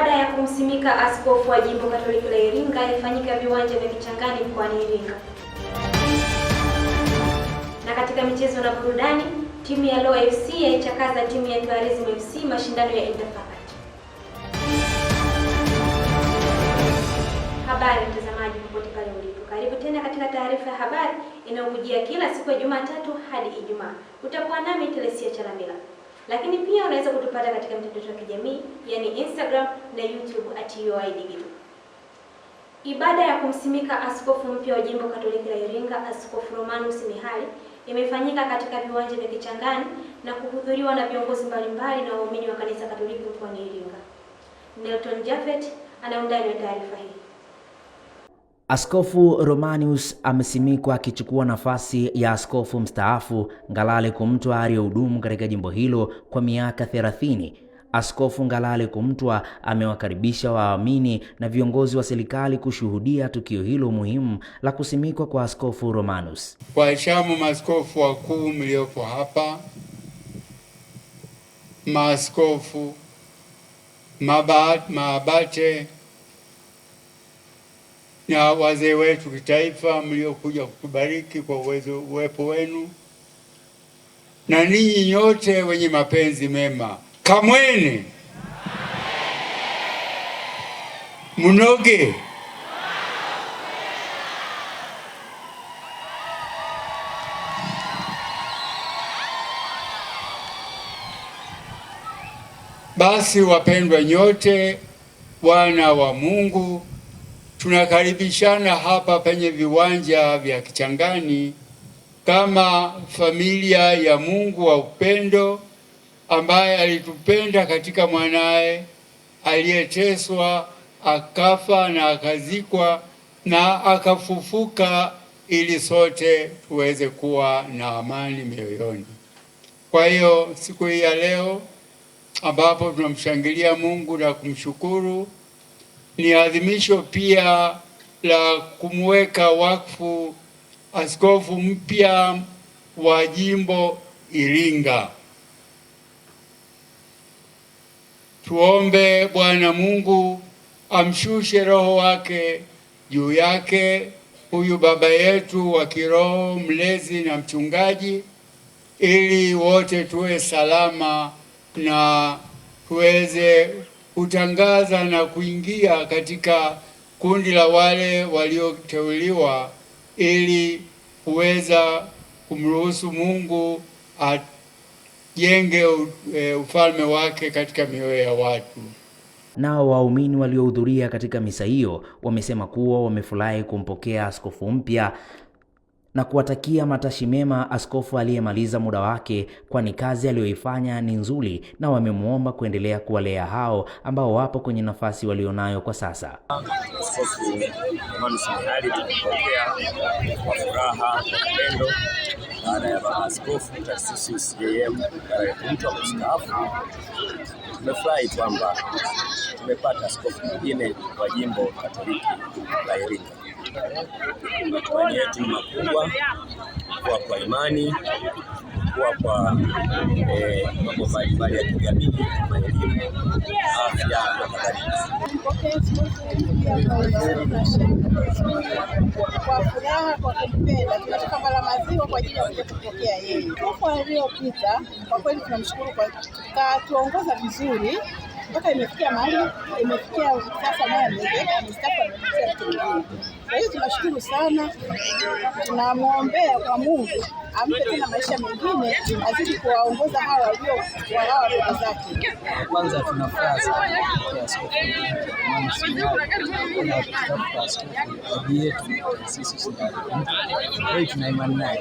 Ibada ya kumsimika askofu wa jimbo Katoliki la Iringa ilifanyika viwanja vya Kichangani mkoani Iringa. Na katika michezo na burudani, timu ya Loa FC yaichakaza timu ya Tourism FC mashindano ya Interfacat. Habari mtazamaji, popote pale ulipo, karibu tena katika taarifa ya habari inayokujia kila siku ya Jumatatu hadi Ijumaa. Utakuwa nami Telesia Chalamila lakini pia unaweza kutupata katika mitandao ya kijamii yani Instagram na YouTube at UoI Digital. Ibada ya kumsimika askofu mpya wa jimbo Katoliki la Iringa, Askofu Romanus Mihali, imefanyika katika viwanja vya Kichangani na kuhudhuriwa na viongozi mbalimbali na waumini wa kanisa Katoliki mkoani Iringa. Nelton Jafet ana wa taarifa hii. Askofu Romanius amesimikwa akichukua nafasi ya askofu mstaafu Ngalale Kumtwa aliyehudumu katika jimbo hilo kwa miaka 30. Askofu Ngalale Kumtwa amewakaribisha waamini na viongozi wa serikali kushuhudia tukio hilo muhimu la kusimikwa kwa Askofu Kwa heshima maaskofu wakuu mliopo hapa, maaskofu, mabate na wazee wetu kitaifa mliokuja kutubariki kwa uwezo uwepo wenu, na ninyi nyote wenye mapenzi mema, kamweni, mnoge basi. Wapendwa nyote wana wa Mungu tunakaribishana hapa penye viwanja vya Kichangani kama familia ya Mungu wa upendo ambaye alitupenda katika mwanaye aliyeteswa akafa na akazikwa na akafufuka ili sote tuweze kuwa na amani mioyoni. Kwa hiyo siku hii ya leo ambapo tunamshangilia Mungu na kumshukuru ni adhimisho pia la kumweka wakfu askofu mpya wa jimbo Iringa. Tuombe Bwana Mungu amshushe roho wake juu yake huyu baba yetu wa kiroho, mlezi na mchungaji, ili wote tuwe salama na tuweze kutangaza na kuingia katika kundi la wale walioteuliwa ili kuweza kumruhusu Mungu ajenge e, ufalme wake katika mioyo ya watu. Nao waumini waliohudhuria katika misa hiyo wamesema kuwa wamefurahi kumpokea askofu mpya na kuwatakia matashi mema askofu aliyemaliza muda wake, kwani kazi aliyoifanya ni nzuri na wamemwomba kuendelea kuwalea hao ambao wapo kwenye nafasi walionayo kwa sasa. Askofu Imani Seminari tumepokea kwa furaha na upendo baada ya baba askofu Tarcisius JM kuitwa kustaafu. Tumefurahi kwamba tumepata askofu mwingine wa jimbo Katoliki la Iringa kwenye timu makubwa kuwa kwa imani, kuwa kwa eh, mambo mbalimbali ya kijamii, maelimu, afya na kadhalika. Kwa furaha kwa kumpenda, tunatoka mara maziwa kwa ajili ya kuja kupokea yeye. Aliyopita kwa kweli tunamshukuru kwa katuongoza vizuri mpaka imefikia mahali imefikia sasa, naye amestaafu. Kwa hiyo tunashukuru sana, tunamwombea kwa Mungu ampe tena maisha mengine, azidi kuwaongoza hawa walio walawa zake. Kwanza sana yetu sisi tuna imani naye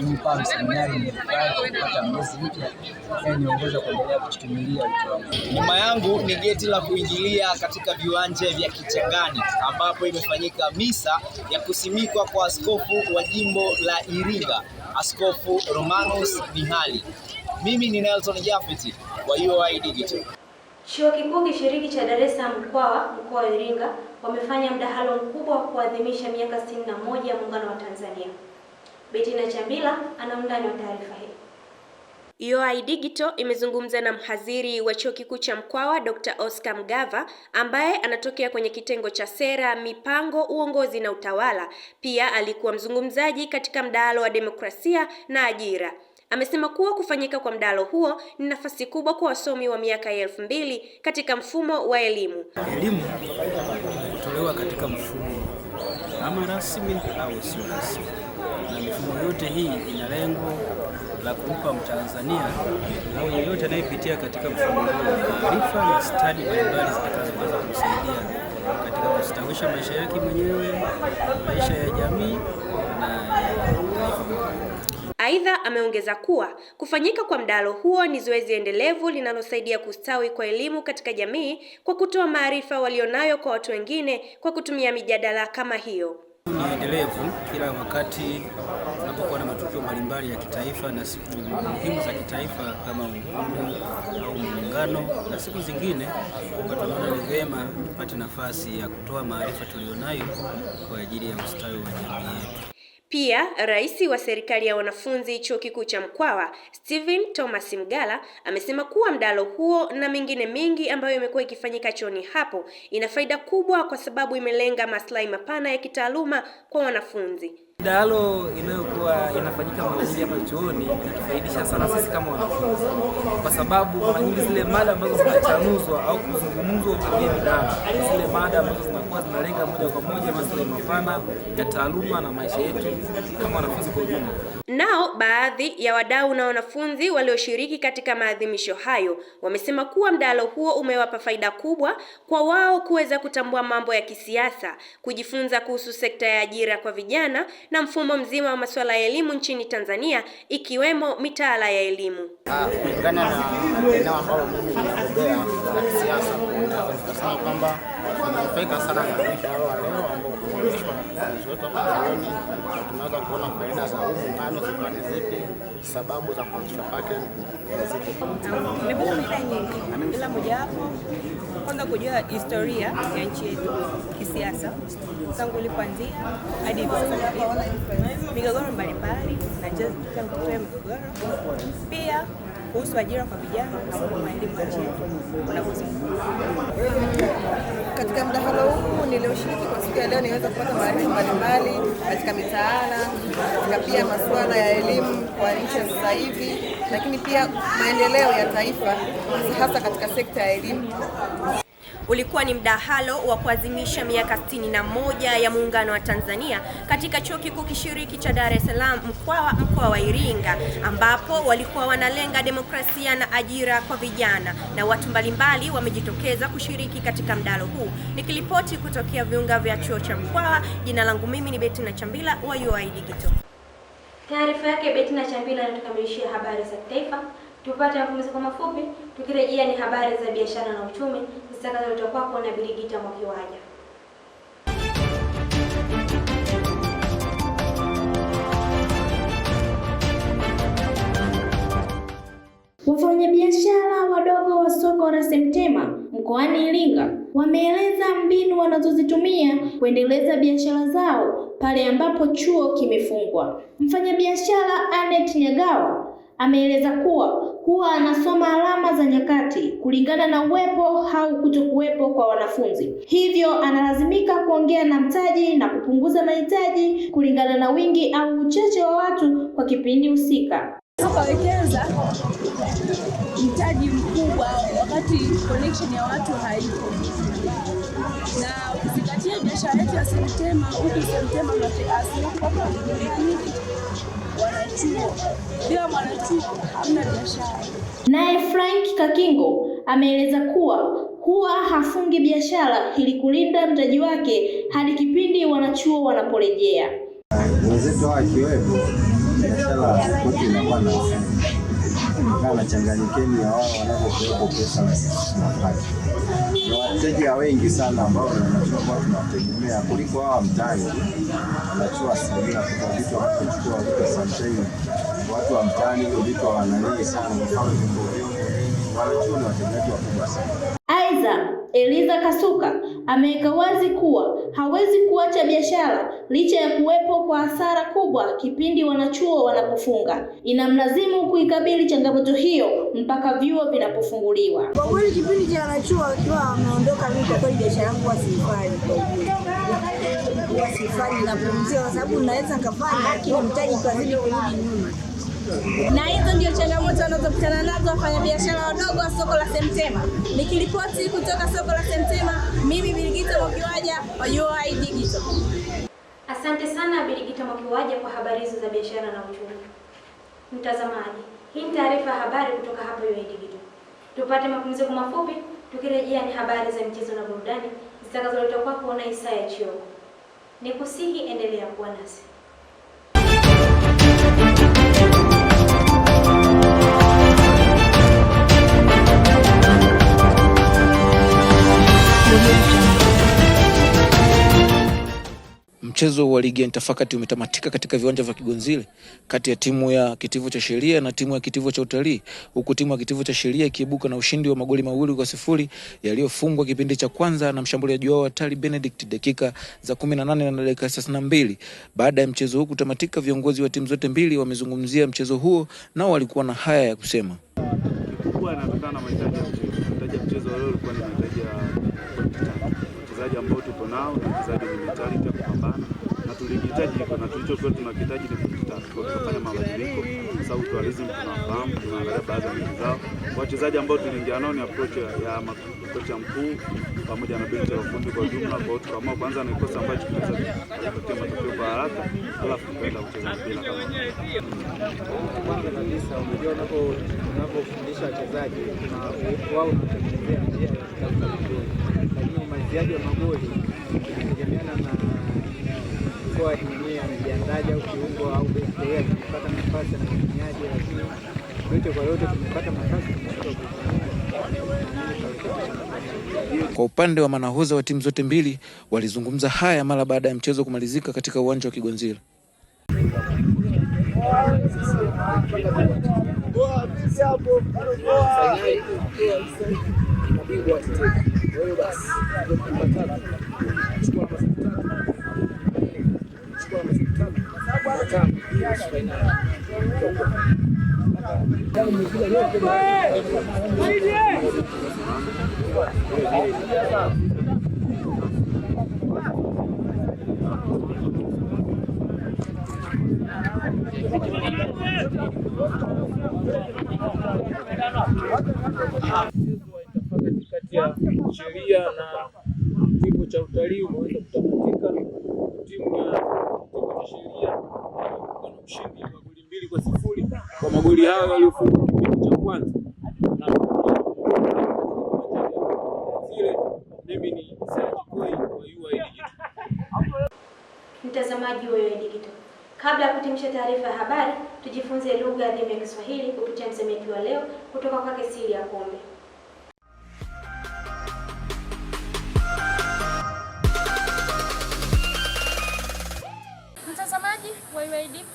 mpa seminari kupata mpya kuendelea Nyuma yangu ni geti la kuingilia katika viwanja vya Kichangani ambapo imefanyika misa ya kusimikwa kwa askofu wa jimbo la Iringa. Iringa, Askofu Romanus Mihali. Mimi ni Nelson Jafeti wa UoI Digital. Chuo Kikuu Kishiriki cha Dar es Salaam Mkwawa mkoa wa Iringa wamefanya mdahalo mkubwa wa kuadhimisha miaka 61 ya muungano wa Tanzania. Betina Chambila ana undani wa taarifa. UoI Digital imezungumza na mhadhiri wa Chuo Kikuu cha Mkwawa, Dr. Oscar Mgava ambaye anatokea kwenye kitengo cha sera, mipango, uongozi na utawala. Pia alikuwa mzungumzaji katika mdahalo wa demokrasia na ajira. Amesema kuwa kufanyika kwa mdahalo huo ni nafasi kubwa kwa wasomi wa miaka ya elfu mbili katika mfumo wa elimu. Elimu hutolewa katika mfumo ama rasmi au sio rasmi, na mifumo yote hii ina lengo la kumpa Mtanzania au yeyote anayepitia katika mfunguo maarifa na stadi mbalimbali zitakazoweza kumsaidia katika kustawisha maisha yake mwenyewe, maisha ya jamii na Aidha, ameongeza kuwa kufanyika kwa mdahalo huo ni zoezi endelevu linalosaidia kustawi kwa elimu katika jamii kwa kutoa maarifa walionayo kwa watu wengine kwa kutumia mijadala kama hiyo ni endelevu kila wakati tunapokuwa na matukio mbalimbali ya kitaifa na siku muhimu za kitaifa kama uhuru au muungano na siku zingine, tunaona ni vyema tupate nafasi ya kutoa maarifa tuliyonayo kwa ajili ya ustawi wa jamii yetu. Pia rais wa serikali ya wanafunzi chuo kikuu cha Mkwawa Stephen Thomas mgala amesema kuwa mdahalo huo na mingine mingi ambayo imekuwa ikifanyika chuoni hapo ina faida kubwa kwa sababu imelenga maslahi mapana ya kitaaluma kwa wanafunzi. Midahalo inayokuwa inafanyika mara nyingi hapa chuoni inatufaidisha sana sisi kama wanafunzi, kwa sababu mara nyingi zile mada ambazo zinachanuzwa au kuzungumzwa kupitia midahalo, zile mada ambazo zinakuwa zinalenga moja kwa moja maslahi mapana ya taaluma na maisha yetu kama wanafunzi kwa ujumla. Nao baadhi ya wadau na wanafunzi walioshiriki katika maadhimisho hayo wamesema kuwa mdahalo huo umewapa faida kubwa kwa wao kuweza kutambua mambo ya kisiasa, kujifunza kuhusu sekta ya ajira kwa vijana na mfumo mzima wa masuala ya elimu nchini Tanzania ikiwemo mitaala ya elimu. Ah, Kutokana na eneo ambalo mimi la kisiasa, kwamba sana na mdahalo wa leo kuboreshwa ziwekwe mtandaoni, na tunaweza kuona faida za huu muungano zilikuwa ni zipi, sababu za kuanzishwa kwake ni zipi. Nimepata faida nyingi, ila mojawapo kwanza kujua historia ya nchi yetu kisiasa, tangu ulipoanzia hadi migogoro mbalimbali na jinsi migogoro pia kuhusu ajira kwa vijana kwa Katika mdahalo huu nilioshiriki kwa siku ya leo, niweza kupata maarifa mbalimbali katika mitaala, katika pia masuala ya elimu kwa nchi ya sasa hivi, lakini pia maendeleo ya taifa hasa katika sekta ya elimu. Ulikuwa ni mdahalo wa kuadhimisha miaka sitini na moja ya muungano wa Tanzania katika chuo kikuu kishiriki cha Dar es Salaam Mkwawa, mkoa wa Iringa, ambapo walikuwa wanalenga demokrasia na ajira kwa vijana na watu mbalimbali wamejitokeza kushiriki katika mdahalo huu. Nikilipoti kutokea viunga vya chuo cha Mkwawa, jina langu mimi ni Betina Chambila wa UoI Digital. Taarifa yake Betina Chambila anatukamilishia habari za taifa. Tupate mapumziko mafupi, tukirejea ni habari za biashara na uchumi zitakazoleta kwako na Birigita Mwakiwaja. Wafanyabiashara wadogo wa soko la Semtema mkoani Iringa wameeleza mbinu wanazozitumia kuendeleza biashara zao pale ambapo chuo kimefungwa. Mfanyabiashara Anet Nyagawa ameeleza kuwa huwa anasoma alama za nyakati kulingana na uwepo au kutokuwepo kwa wanafunzi, hivyo analazimika kuongea na mtaji na kupunguza mahitaji kulingana na wingi au uchache wa watu kwa kipindi husika. Ukawekeza mtaji mkubwa wakati connection ya watu haipo, na ukizingatia biashara yetu ya Semtema huku Semtema asilimia bila mwanachuo hamna biashara. Naye Frank Kakingo ameeleza kuwa huwa hafungi biashara ili kulinda mtaji wake hadi kipindi wanachuo wanaporejea. Wazito akiwepo biashara inakuwa na na changanyikeni ya wao wanavyopewa pesa na mapato. Ni wateja wengi sana ambao tunachukua tunawategemea kuliko hawa mtaani, wanachua asilimia kwa vitu wanachukua kwa sometimes, watu wa mtaani vitu wananii sana, wanachua ni wateja wakubwa sana. Eliza Kasuka ameweka wazi kuwa hawezi kuacha biashara licha ya kuwepo kwa hasara kubwa kipindi wanachuo wanapofunga. Inamlazimu kuikabili changamoto hiyo mpaka vyuo vinapofunguliwa. Kwa kweli kipindi cha wanachuo wakiwa wameondoka, mimi kwa kweli biashara yangu wasiifanye, kwa sababu naweza nikafanya, lakini mtaji kazidi kurudi nyuma na hizo ndio changamoto wanazokutana nazo wafanyabiashara wadogo wa soko la Semtema. Nikiripoti kutoka soko la Semtema, mimi Birigita Mwakiwaja wa UoI Digital. Asante sana Birigita Mwakiwaja kwa habari hizo za biashara na uchumi. Mtazamaji, hii ni taarifa ya habari kutoka hapa UoI Digital. Tupate mapumziko mafupi, tukirejea ni habari za michezo na burudani zitakazoletwa kwako na Isaya Chioko. Nikusihi endelea kuwa nasi. Mchezo wa ligi ya Nitafakati umetamatika katika viwanja vya Kigonzile kati ya timu ya kitivo cha sheria na timu ya kitivo cha utalii, huku timu ya kitivo cha sheria ikiibuka na ushindi wa magoli mawili kwa sifuri yaliyofungwa kipindi cha kwanza na mshambuliaji wao hatari Benedict dakika za 18 na dakika 32. Baada ya mchezo huu kutamatika, viongozi wa timu zote mbili wamezungumzia mchezo huo, nao walikuwa na haya ya kusema. Kikubwa, wachezaji ambao tuko nao na wachezaji wenye mentality ya kupambana, na tulihitaji hivyo, na tulichokuwa tunakihitaji ni kufanya mabadiliko, kwa sababu tourism tunafahamu, tunaangalia baadhi ya mechi zao. Wachezaji ambao tuliingia nao ni approach ya kocha mkuu pamoja na benchi ya ufundi kwa jumla, kwa tukaamua kwanza na kosa ambacho tunaweza kupatia matokeo kwa haraka, alafu tukaenda kucheza mpira kama kwanza kabisa. Unajua, unapofundisha wachezaji wao unatengenezea njia ya kutafuta mpira lakini umaliziaji wa magoli na mkoa mwenyewe amejiandaje, au kiungo au beki amepata nafasi na mtumiaji, lakini yote kwa yote tumepata nafasi. Kwa upande wa manahodha wa timu zote mbili walizungumza haya mara baada ya mchezo kumalizika katika uwanja wa Kigonzile. Wewe basi chukua matatu pamoja na kitivo cha utalii umeweza kutamatika, timu ya kitivo cha sheria na ushindi wa goli mbili kwa sifuri kwa magoli hayo yaliyofungwa kipindi cha kwanza na zile. Mimi ni wa UoI e Digital. Mtazamaji wa UoI e Digital, kabla ya kutimisha taarifa ya habari, tujifunze lugha adhimu ya Kiswahili kupitia msemaji wa leo kutoka kwake Sili ya Kombe.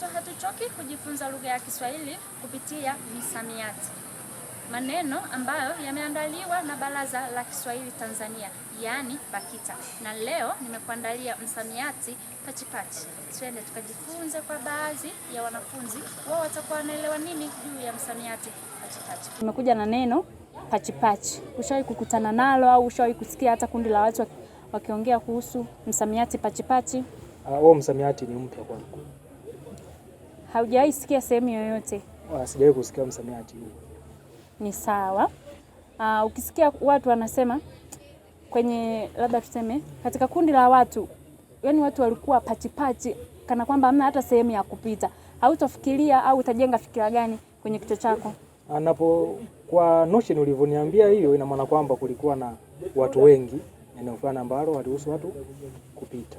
Sasa hatuchoki kujifunza lugha ya Kiswahili kupitia misamiati, maneno ambayo yameandaliwa na Baraza la Kiswahili Tanzania, yaani BAKITA, na leo nimekuandalia msamiati pachipachi. Twende tukajifunze kwa baadhi ya wanafunzi, wao watakuwa wanaelewa nini juu ya msamiati pachipachi. Tumekuja na neno pachipachi. Ushawahi kukutana nalo au ushawahi kusikia hata kundi la watu wakiongea kuhusu msamiati pachipachi? Ah, huo uh, msamiati ni mpya kwangu. Haujawahi sikia sehemu yoyote? Sijawahi kusikia msamiati huu. Ni sawa. Uh, ukisikia watu wanasema kwenye labda tuseme katika kundi la watu, yani watu walikuwa pachipachi pachi, kana kwamba hamna hata sehemu ya kupita, hautafikiria au utajenga fikira gani kwenye kichwa chako? Anapo kwa notion ulivyoniambia hiyo, ina maana kwamba kulikuwa na watu wengi eneo fulani ambalo waliruhusu watu kupita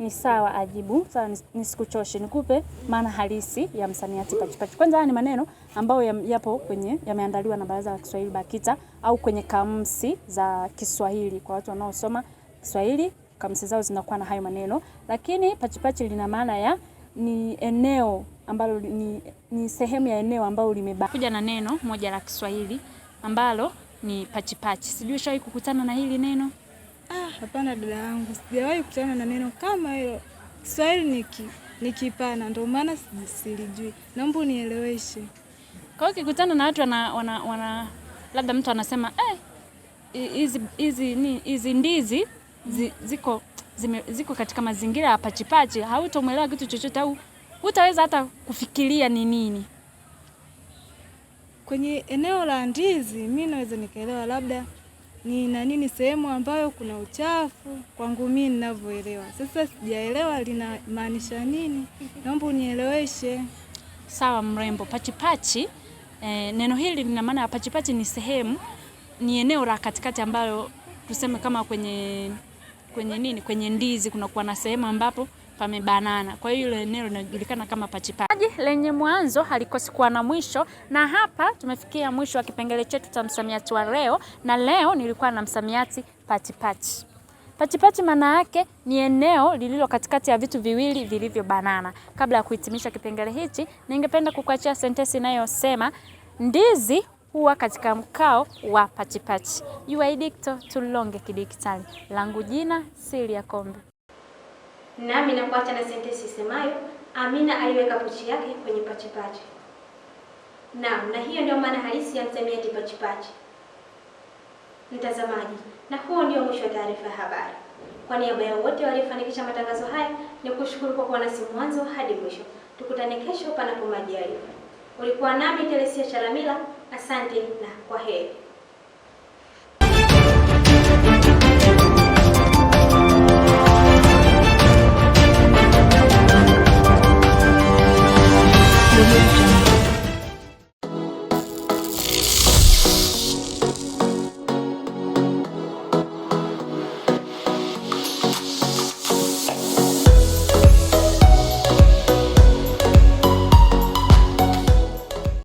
ni sawa ajibu sawa, nisikuchoshe, nikupe maana halisi ya msamiati pachipachi. Kwanza haya ni maneno ambayo yapo kwenye yameandaliwa na Baraza la Kiswahili BAKITA au kwenye kamusi za Kiswahili kwa watu wanaosoma Kiswahili, kamusi zao zinakuwa na hayo maneno. Lakini pachipachi lina maana ya ni eneo ambalo ni, ni sehemu ya eneo ambalo limebaki. Kuja na neno moja la Kiswahili ambalo ni pachipachi. Sijui shawahi kukutana na hili neno? Ah, hapana dada yangu, sijawahi kutana na neno kama hilo. Kiswahili niki nikipana, ndio maana silijui. Naomba unieleweshe. Kwa hiyo ukikutana na watu wana, wana, wana labda mtu anasema eh, hizi eh, hizi ndizi zi, ziko zime, ziko katika mazingira ya pachipachi, hautomwelewa kitu chochote au hutaweza hata kufikiria ni nini kwenye eneo la ndizi. Mi naweza nikaelewa labda ni na nini, sehemu ambayo kuna uchafu, kwangu mimi ninavyoelewa. Sasa sijaelewa linamaanisha nini, naomba unieleweshe. Sawa mrembo. Pachipachi eh, neno hili lina maana ya pachipachi, ni sehemu, ni eneo la katikati ambayo tuseme kama kwenye kwenye nini, kwenye ndizi kunakuwa na sehemu ambapo pamebanana. Kwa hiyo ile eneo linajulikana kama pachipachi lenye mwanzo halikosi kuwa na mwisho. Na hapa tumefikia mwisho wa kipengele chetu cha msamiati wa leo, na leo nilikuwa na msamiati pachipachi. Pachipachi maana yake ni eneo lililo katikati ya vitu viwili vilivyobanana. Kabla ya kuhitimisha kipengele hichi, ningependa kukuachia sentensi inayosema ndizi huwa katika mkao wa pachipachi. Yuaidikto tulonge kidikitali langu jina siri ya Kombe nami nakuacha na sentensi isemayo Amina aliweka pochi yake kwenye pachipachi. Naam, na hiyo ndio maana halisi ya msamiati pachipachi. Mtazamaji, na huo ndio mwisho wa taarifa ya habari. Kwa niaba ya wote waliofanikisha matangazo haya, ni kushukuru kwa kuwa nasi mwanzo hadi mwisho. Tukutane kesho panapo majaliwa. Ulikuwa nami Teresia Chalamila, asante na kwa heri.